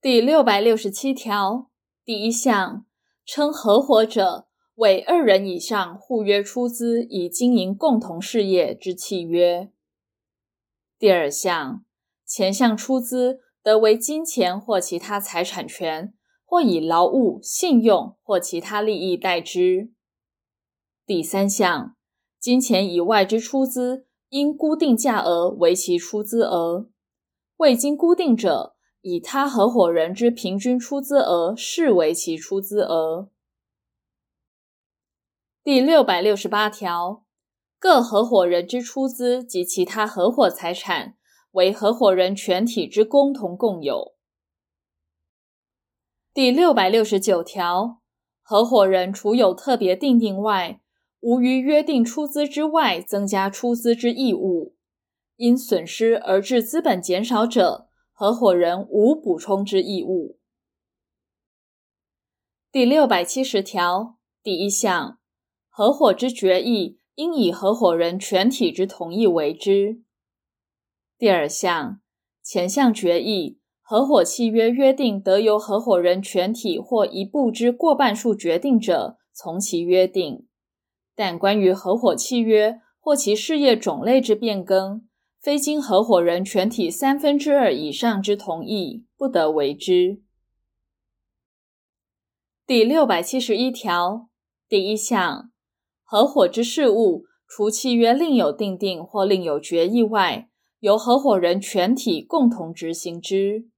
第六百六十七條第一項，稱合夥者，為二人以上互約出資以經營共同事業之契約。第二項，前項出資得為金錢或其他財產權，或以勞務、信用或其他利益代之。第三項，金錢以外之出資，應估定價額為其出資額，未經估定者，以他合夥人之平均出資額視為其出資額。第六百六十八條，各合夥人之出資及其他合夥財產為合夥人全體之共同共有。第六百六十九條，合夥人除有特別訂定外，無於約定出資之外增加出資之義務，因損失而致資本減少者。合夥人無補充之義務。第六百七十條第一項，合夥之決議應以合夥人全體之同意為之。第二項，前項決議，合夥契約約定得由合夥人全體或一部之過半數決定者，從其約定。但關於合夥契約或其事業種類之變更，非經合夥人全體三分之二以上之同意，不得為之。第六百七十一條第一項，合夥之事務，除契約另有訂定或另有決議外，由合夥人全體共同執行之。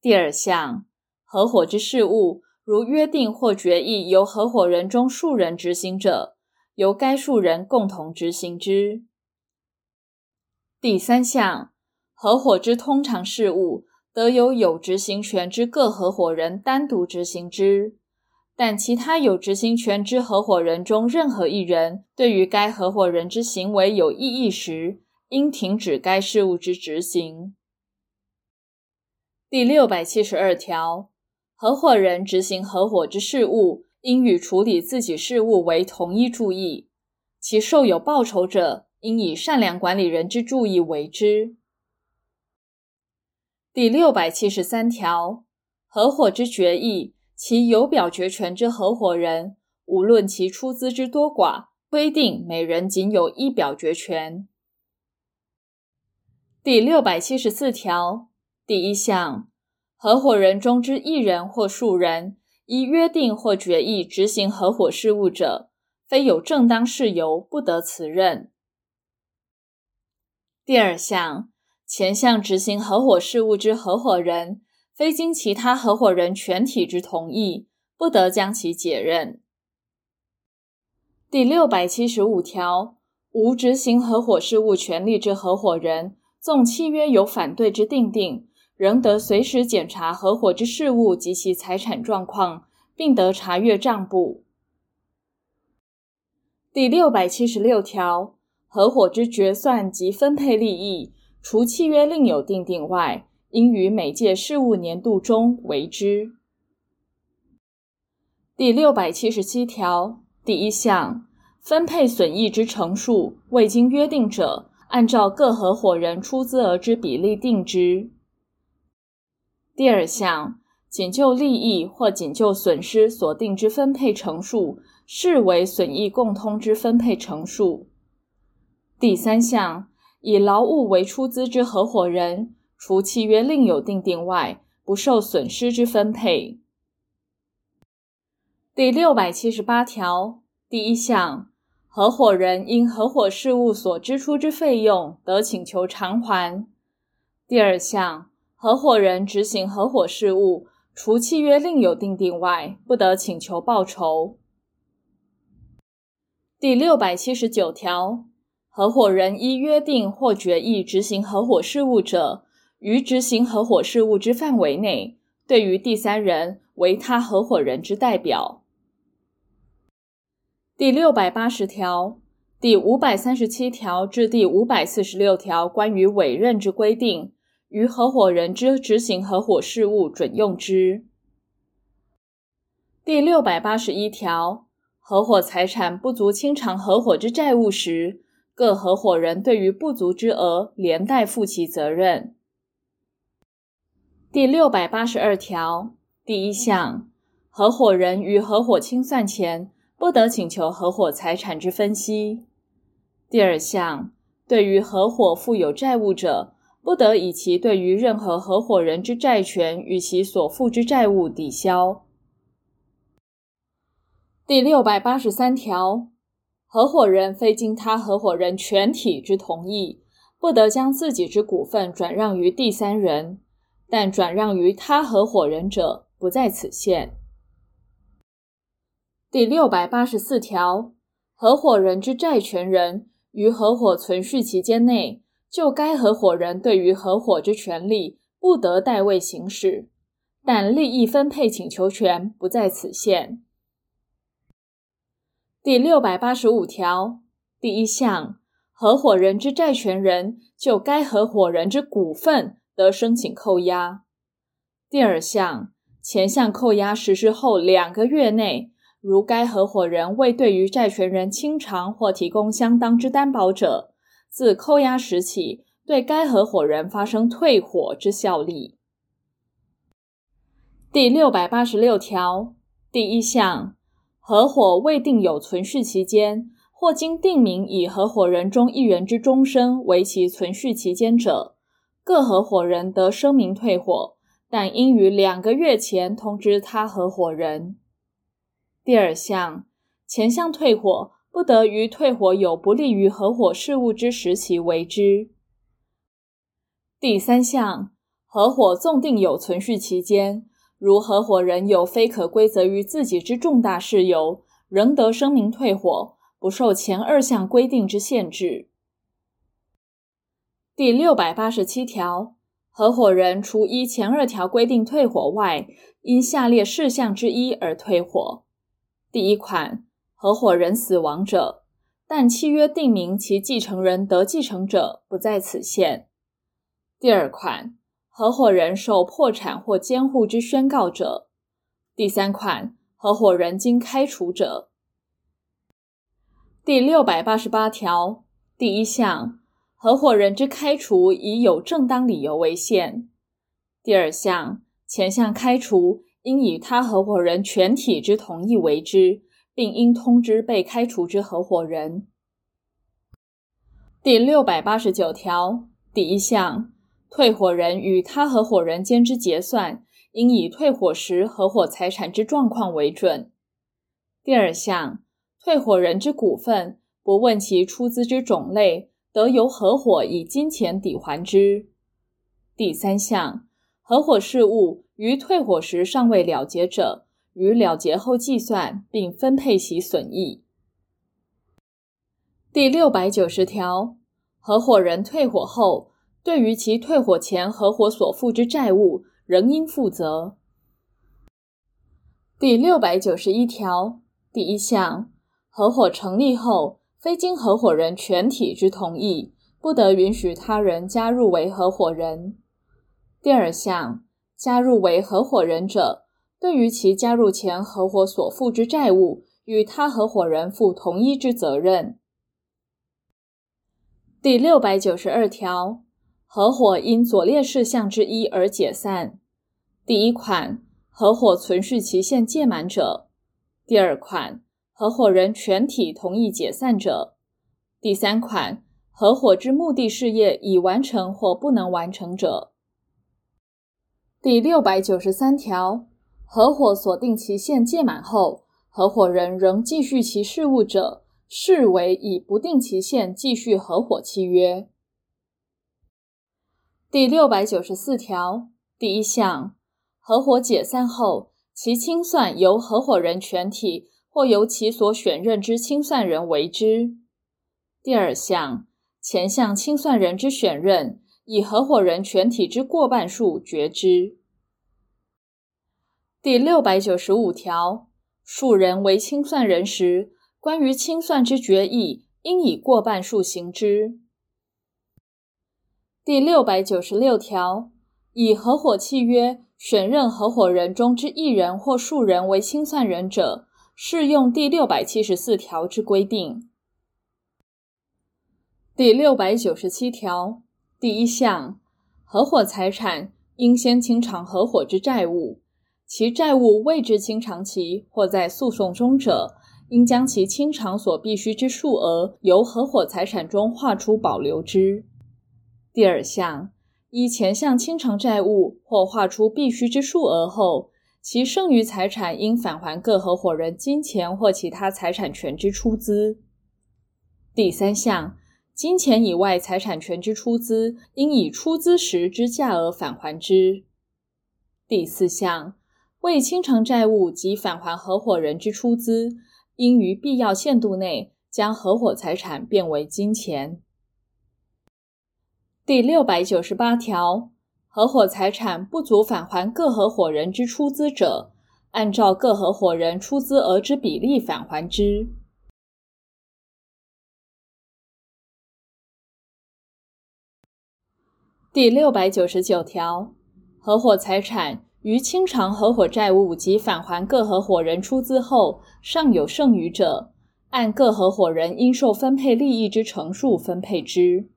第二項，合夥之事務，如約定或決議由合夥人中數人執行者，由該數人共同執行之。第三項，合夥之通常事務得由有執行權之各合夥人單獨執行之，但其他有執行權之合夥人中任何一人對於該合夥人之行為有異議時，應停止該事務之執行。第六百七十二條，合夥人執行合夥之事務，應與處理自己事務為同一注意，其受有報酬者。應以善良管理人之注意為之。第六百七十三條，合夥之決議，其有表決權之合夥人，無論其出資之多寡，規定每人僅有一表決權。第六百七十四條第一項，合夥人中之一人或數人，依約定或決議執行合夥事務者，非有正當事由，不得辭任。第二項，前項執行合夥事務之合夥人，非經其他合夥人全體之同意，不得將其解任。第六百七十五條，無執行合夥事務權利之合夥人，縱契約有反對之訂定，仍得隨時檢查合夥之事務及其財產狀況，並得查閱賬簿。第六百七十六條。合夥之決算及分配利益，除契約另有訂定外，應於每屆事務年度終為之。第六百七十七條第一項，分配損益之成數未經約定者，按照各合夥人出資額之比例定之。第二項，僅就利益或僅就損失所定之分配成數，視為損益共通之分配成數。第三項，以勞務為出資之合夥人，除契約另有訂定外，不受損失之分配。第六百七十八條第一項，合夥人因合夥事務所支出之費用，得請求償還。第二項，合夥人執行合夥事務，除契約另有訂定外，不得請求報酬。第六百七十九條。合夥人依約定或決議執行合夥事務者，於執行合夥事務之範圍內，對於第三人為他合夥人之代表。第六百八十條、第五百三十七條至第五百四十六條關於委任之規定，於合夥人之執行合夥事務準用之。第六百八十一條，合夥財產不足清償合夥之債務時，各合夥人對於不足之額，連帶負其責任。第六百八十二條第一項，合夥人於合夥清算前，不得請求合夥財產之分析；第二項，對於合夥負有債務者，不得以其對於任何合夥人之債權與其所負之債務抵銷。第六百八十三條。合夥人非經他合夥人全體之同意，不得將自己之股份轉讓於第三人，但轉讓於他合夥人者不在此限。第六百八十四條，合夥人之債權人於合夥存續期間內，就該合夥人對於合夥之權利，不得代位行使，但利益分配請求權不在此限。第六百八十五條第一項，合夥人之債權人就該合夥人之股份得申請扣押。第二項，前項扣押實施後兩個月內，如該合夥人未對於債權人清償或提供相當之擔保者，自扣押時起，對該合夥人發生退夥之效力。第六百八十六條第一項。合夥未定有存續期間，或經訂明以合夥人中一人之終身為其存續期間者，各合夥人得聲明退夥，但應於兩個月前通知他合夥人。第二項，前項退夥不得於退夥有不利於合夥事務之時期為之。第三項，合夥縱定有存續期間。如合夥人有非可歸責於自己之重大事由，仍得聲明退夥，不受前二項規定之限制。第六百八十七條，合夥人除依前二條規定退夥外，因下列事項之一而退夥：第一款，合夥人死亡者，但契約定明其繼承人得繼承者，不在此限。第二款。合夥人受破產或監護之宣告者。第三款，合夥人經開除者。第六百八十八條第一項，合夥人之開除，以有正當理由為限。第二項，前項開除，應以他合夥人全體之同意為之，並應通知被開除之合夥人。第六百八十九條第一項。退夥人與他合夥人間之結算，應以退夥時合夥財產之狀況為準。第二項，退夥人之股份，不問其出資之種類，得由合夥以金錢抵還之。第三項，合夥事務於退夥時尚未了結者，於了結後計算並分配其損益。第六百九十條，合夥人退夥後，對於其退夥前合夥所負之債務，仍應負責。第六百九十一條第一項，合夥成立後，非經合夥人全體之同意，不得允許他人加入為合夥人。第二項，加入為合夥人者，對於其加入前合夥所負之債務，與他合夥人負同一之責任。第六百九十二條。合夥因左列事項之一而解散：第一款，合夥存續期限屆滿者；第二款，合夥人全體同意解散者；第三款，合夥之目的事業已完成或不能完成者。第六百九十三條，合夥所定期限屆滿後，合夥人仍繼續其事務者，視為以不定期限繼續合夥契約。第六百九十四條第一項，合夥解散後，其清算由合夥人全體或由其所選任之清算人為之。第二項，前項清算人之選任，以合夥人全體之過半數決之。第六百九十五條，數人為清算人時，關於清算之決議，應以過半數行之。第六百九十六條，以合夥契約選任合夥人中之一人或數人為清算人者，適用第六百七十四條之規定。第六百九十七條第一項，合夥財產應先清償合夥之債務，其債務未至清償期或在訴訟中者，應將其清償所必需之數額由合夥財產中劃出保留之。第二項，依前項清償債務或劃出必需之數額後，其剩餘財產應返還各合夥人金錢或其他財產權之出資。第三項，金錢以外財產權之出資，應以出資時之價額返還之。第四項，為清償債務及返還合夥人之出資，應於必要限度內將合夥財產變為金錢。第六百九十八條，合夥財產不足返還各合夥人之出資者，按照各合夥人出資額之比例返還之。第六百九十九條，合夥財產於清償合夥債務及返還各合夥人出資後，尚有剩餘者，按各合夥人應受分配利益之成數分配之。